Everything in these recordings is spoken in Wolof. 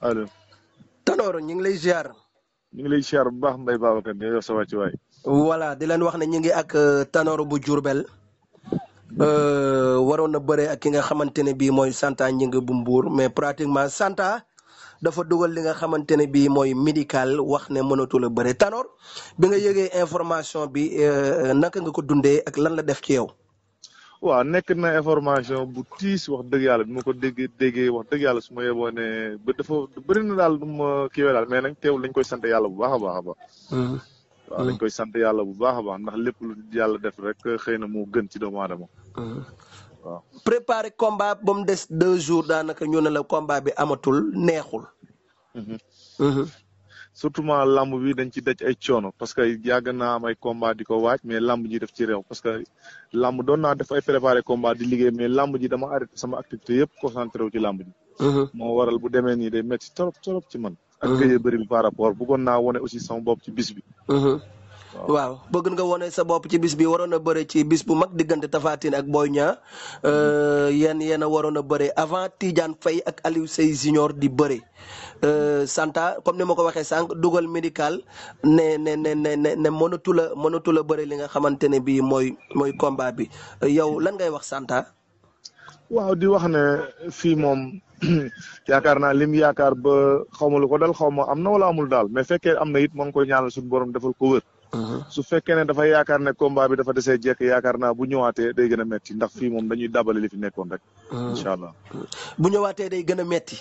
allo. Tanor ñu ngi lay ziar. ñu ngi lay ziar bu baax Mbaye Babacar di yor sa voilà di leen wax ne ñu ngi ak euh, Tanor bu Diourbel. Euh, waroon na bëre ak ki nga xamante ne bii mooy Santa Gningue bu Mbour mais pratiquement Santa dafa dugal li nga xamante ne bii mooy médical wax ne mënatul a bëre Tanor bi nga yëgee information bi euh, naka nga ko dundee ak lan la def ci yow. waaw nekk na information bu tiis wax dëgg yàlla bi ma ko déggee déggee wax dëgg yàlla su ma yeboo ne ba dafa bëri na daal du ma kiiwee daal mais nag teewul lañ koy sant yàlla bu baax a baax a baax. Hmm. waaw lañ hmm. koy sant yàlla bu baax a baax ndax lépp lu yàlla def rek xëy na moo gën ci doomu aadama. Hmm. waaw préparer combat ba mu des deux jours daanaka ñu la combat bi amatul neexul. Mhm. surtout ma làmb bi dañ ci daj ay coono parce que yàgg naa am ay combat di ko waaj mais làmb ji def ci réew parce que làmb doon na def ay préparé combat di liggéey mais làmb ji dama arrêté sama activité yëpp concentré wu ci làmb ji. Mhm. moo waral bu demee nii day métti trop trop ci man. Mhm. ak këyee bëri bi par rapport bëggoon naa wane aussi sama bopp ci bis bi. Mhm. waaw bëgg nga wone sa bopp ci bis bi waroon a bëre ci bis bu mag diggante Tapha Tine ak Boy Niang euh, yéen yéen a waroon a bëre avant Tidiane Faye ak Aliou s Junior di bëre. Euh, Santa comme ni ma ko waxee sànq dugal médical ne ne ne ne ne mënatu la mënatu la li nga xamante ne bii mooy mooy combat bi yow lan ngay wax Santa. waaw di wax ne fii moom yaakaar naa lim yaakaar ba xaw ma lu ko dal xaw ma am na wala amul daal mais fekkee am na it moo ngi koy ñaanal suñu borom defal ko wër. Mhm. su fekkee ne dafa yaakaar ne combat bi dafa desee jekk yaakaar naa bu ñëwaatee day gën a metti ndax fii moom dañuy dabale li fi nekkoon rek. Mhm. incha allah bu ñëwaatee day gën a metti.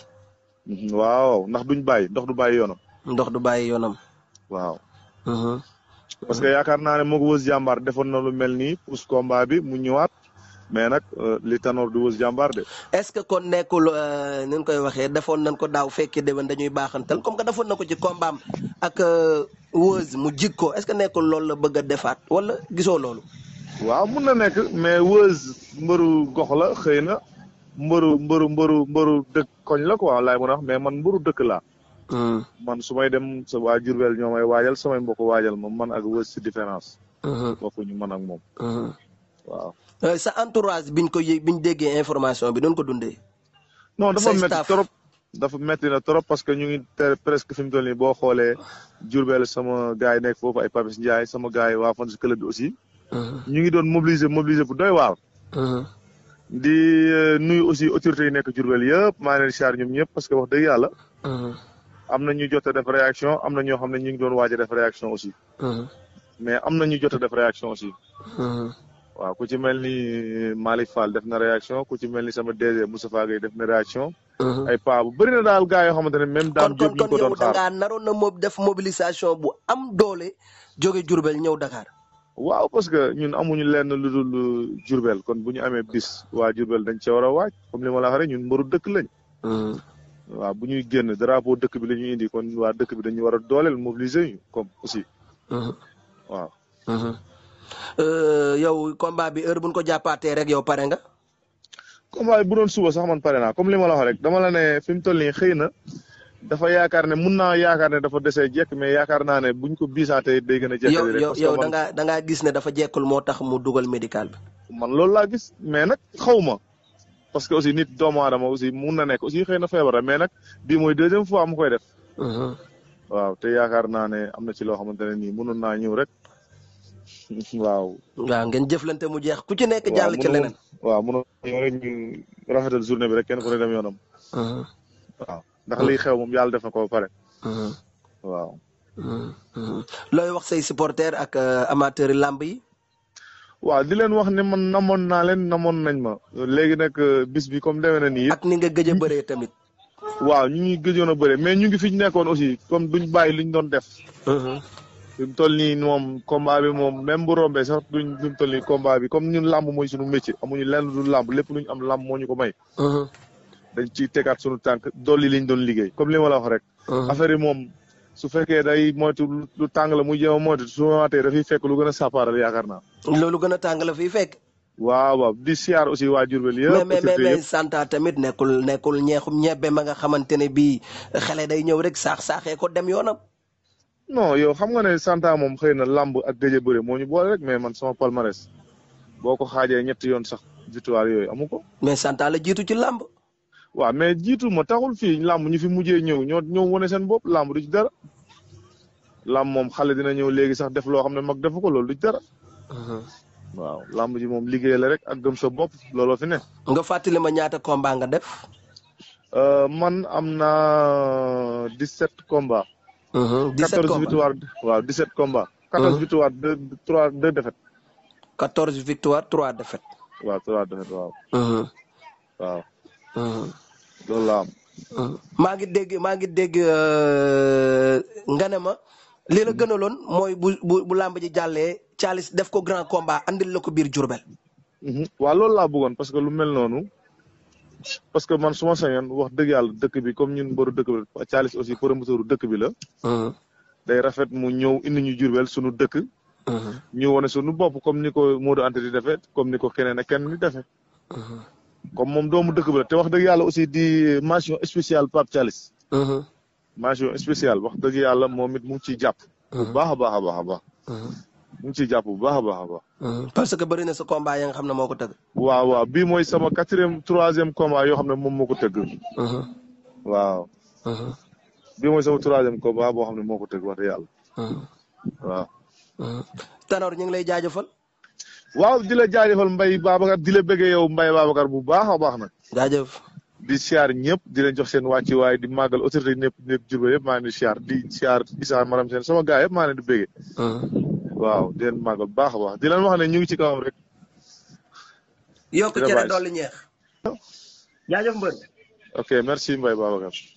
Mhm, waaw ndax duñ bàyyi ndox du bàyyi yoonam. ndox du bàyyi yoonam. waaw. Mhm. parce que yaakaar naa ne moo ko wës jàmbaar defoon na lu mel nii pousse combat bi mu ñëwaat mais nag euh, li tanoor du wës jàmbaar de. est-ce que kon nekkul euh, ni koy waxee defoon nañ ko daaw fekkee déwén dañuy baaxantal comme que defoon na ko ci kombaam ak euh, wës mu jig ko est-ce que nekkul loolu la bëgg a defaat wala gisoo loolu. waaw mun na nekk mais wës mbëru gox la xëy na. mbëru mbëru mbëru mbëru dëkk koñ la quoi laay mën a mais man mbëru dëkk laa. Ah. man su may dem sa waa Jurbel ñoo may waajal samay mbokk waajal moom man ak wës si différence. Ah. bokkuñu man ak moom. Ah. waaw. Euh, sa entourage biñ ko yëg biñ déggee information bi doon ko dundee. non dafa métti trop dafa métti na trop parce que ñu ngi presque fi mu toll nii boo xoolee Jurbel sama gars yi nekk foofu ay Papis Ndiaye sama gars yi waa fan si club bi aussi. ñu ngi doon mobiliser mobiliser bu doy waar. di euh, nuyu aussi autorité yu nekk Diourbel yëpp maa ngi leen ñoom ñëpp parce que wax dëgg yàlla. Uh-huh. am na ñuy jot a réaction am na ñoo xam ne ñu ngi doon waaj a def réaction aussi. Uh-huh. mais am na ñu jot a def uh-huh. waaw ku ci mel ni Malick Fall def na réaction ku ci mel ni sama DG Moustapha Gueye def na réaction. ay pas bu bëri na daal gars yoo xamante ne même. daam Diop ñu ko doon xaar naroon na moom def mobilisation bu am doole jóge Diourbel ñëw Dakar. waaw parce que ñun amuñu lenn lu dul Jurbel kon bu ñu amee bis waa Jurbel dañ cee war a waaj comme li ma la rek ñun mbaru dëkk lañ. Hmm. waaw bu ñuy génn drapeau dëkk bi lañu ñuy indi kon waa dëkk bi dañu war a dooleel mobiliser ñu comme aussi. Hmm. waaw. Hmm. Euh, yow combat bi heure buñ ko jàppaatee rek yow pare nga. combat bi bu doon suba sax man pare naa comme li ma la rek dama la ne fi mu toll nii xëy na. dafa yaakaar ne mun naa yaakaar ne dafa dese jekk mais yaakaar naa ne buñ ko biisaatee day gën a jekk yow ngaa da gis ne dafa jekkul moo tax mu dugal médical bi man loolu laa gis mais nag xaw ma parce que aussi nit doomu aadama aussi mun na nekk aussi xëy na feebar mais nag bii mooy deuxième fois mu koy def mhm. waaw te yaakaar naa ne am na ci loo xamante ne nii mënoon naa ñëw rek waaw. waaw ngeen jëflante mu jeex ku ci nekk jàll ci leneen. waaw mënoon ñëw rek ñu rafetal journée bi rek kenn ku ne dem yoonam. Mhm. ndax liy xew moom yàlla def na ko pare. Uh-huh. waaw. Uh-huh. Uh-huh. looy wax say supporters ak uh, amateurs yi làmb yi. waaw di leen wax ne man namoon naa leen namoon nañ ma. léegi nag uh, bis bi comme demee na nii. ak ni nga gëj a bëree tamit. waaw ñu ngi gëjoon a bëree mais ñu ngi fi ñu nekkoon aussi comme du ñu bàyyi liñ doon def. fi mu toll nii moom combat bi moom même bu rombee sax duñ fi mu toll nii combat bi comme ñun làmb mooy suñu métier amuñu lenn du làmb lépp ñu am làmb moo ñu ko may. dañ ciy tegaat sunu tànk dolli liñ doon liggéey comme li ma rek. Uh-huh. affaire moom su fekkee day moytu lu tàng la muy jéem a moytu su ma waatee dafay fekk lu gën a sappaaral yaakaar naa. loolu gën a tàng la fiy fekk. waaw waaw di siyaar aussi waa Diourbel yëpp. mais mais Santa tamit nekkul nekkul ñeexum ñebe ma nga xamante ne bii xale day ñëw rek saax saaxee ko dem yoonam. non yow xam nga ne Santa moom xëy na làmb ak gëj a bëre moo ñu boole rek mais man sama palmarès boo ko xaajee yoon sax victoire yooyu amu ko. mais Santa la jiitu ci làmb. waaw mais jiitu ma taxul fii làmb ñu fi mujjee ñëw ñoo ñoo wane seen bopp làmb du ci dara làmb moom xale dina ñëw léegi sax def loo xam ne mag defu ko loolu du ci dara. Uh-huh. waaw làmb ji moom liggéey rek ak gëm sa bopp looloo fi ne. nga fàttali ma ñaata combat nga def. Euh, man am na 17 combats. 17 uh-huh, combats 14 victoire waaw 17 combats. 14 victoire 2 3 2 défaites. 14 victoire 3 défaites. waaw 3 défaites waaw. Uh-huh. loolu la ah. maa ngi dégg maa ngi dégg euh, nga ne ma li la hmm. gënaloon mooy bu bu bu làmb ji jàllee Thialis def ko grand combat andil la ko biir Diourbel. Hmm. waaw loolu laa bëggoon parce que lu mel noonu parce que man su ma sañoon wax dëgg yàlla dëkk bi comme ñun mboru dëkk bi la Thialis aussi promoteur dëkk bi la. day rafet mu ñëw indi ñu Diourbel sunu dëkk. Hmm. ñu wane sunu bopp comme ni ko Modou Anta di defee comme ni ko keneen ak kenn di defee. comme moom doomu dëkk bi la te wax dëgg yàlla aussi di mention spéciale Pape Thialis. Uh-huh. mention spéciale wax dëgg yàlla moom it mu ngi ciy jàpp. bu uh-huh. baax a baax a baax a baax. Uh-huh. mu ngi ciy jàpp bu baax a baax a baax. parce que bëri na sa combat ya nga xam ne moo ko tëgg. waaw waaw bii mooy sama quatrième troisième combat yoo xam ne moom moo ko tëgg. waaw. bii mooy sama troisième combat boo xam ne moo ko tëgg wax dëgg yàlla. Tanor ñu ngi lay jaajëfal. waaw di la jaajëfal Mbaye Babacar di la bëggee yow Mbaye Babacar bu baax a baax nag. jaajëf. di siyaar ñëpp di leen jox seen wàcci waay di màggal autorité yi ñëpp ñëpp Diourbel yëpp maa ngi di siyaar di siyaar Issa Maram seen sama gaay yëpp maa ngi di bëggee. Uh-huh. waaw di leen màggal bu baax a baax di leen wax ne ñu ngi ci kawam rek. yokk cere dolli ñeex. jaajëf mbër. ok merci mbay Babacar.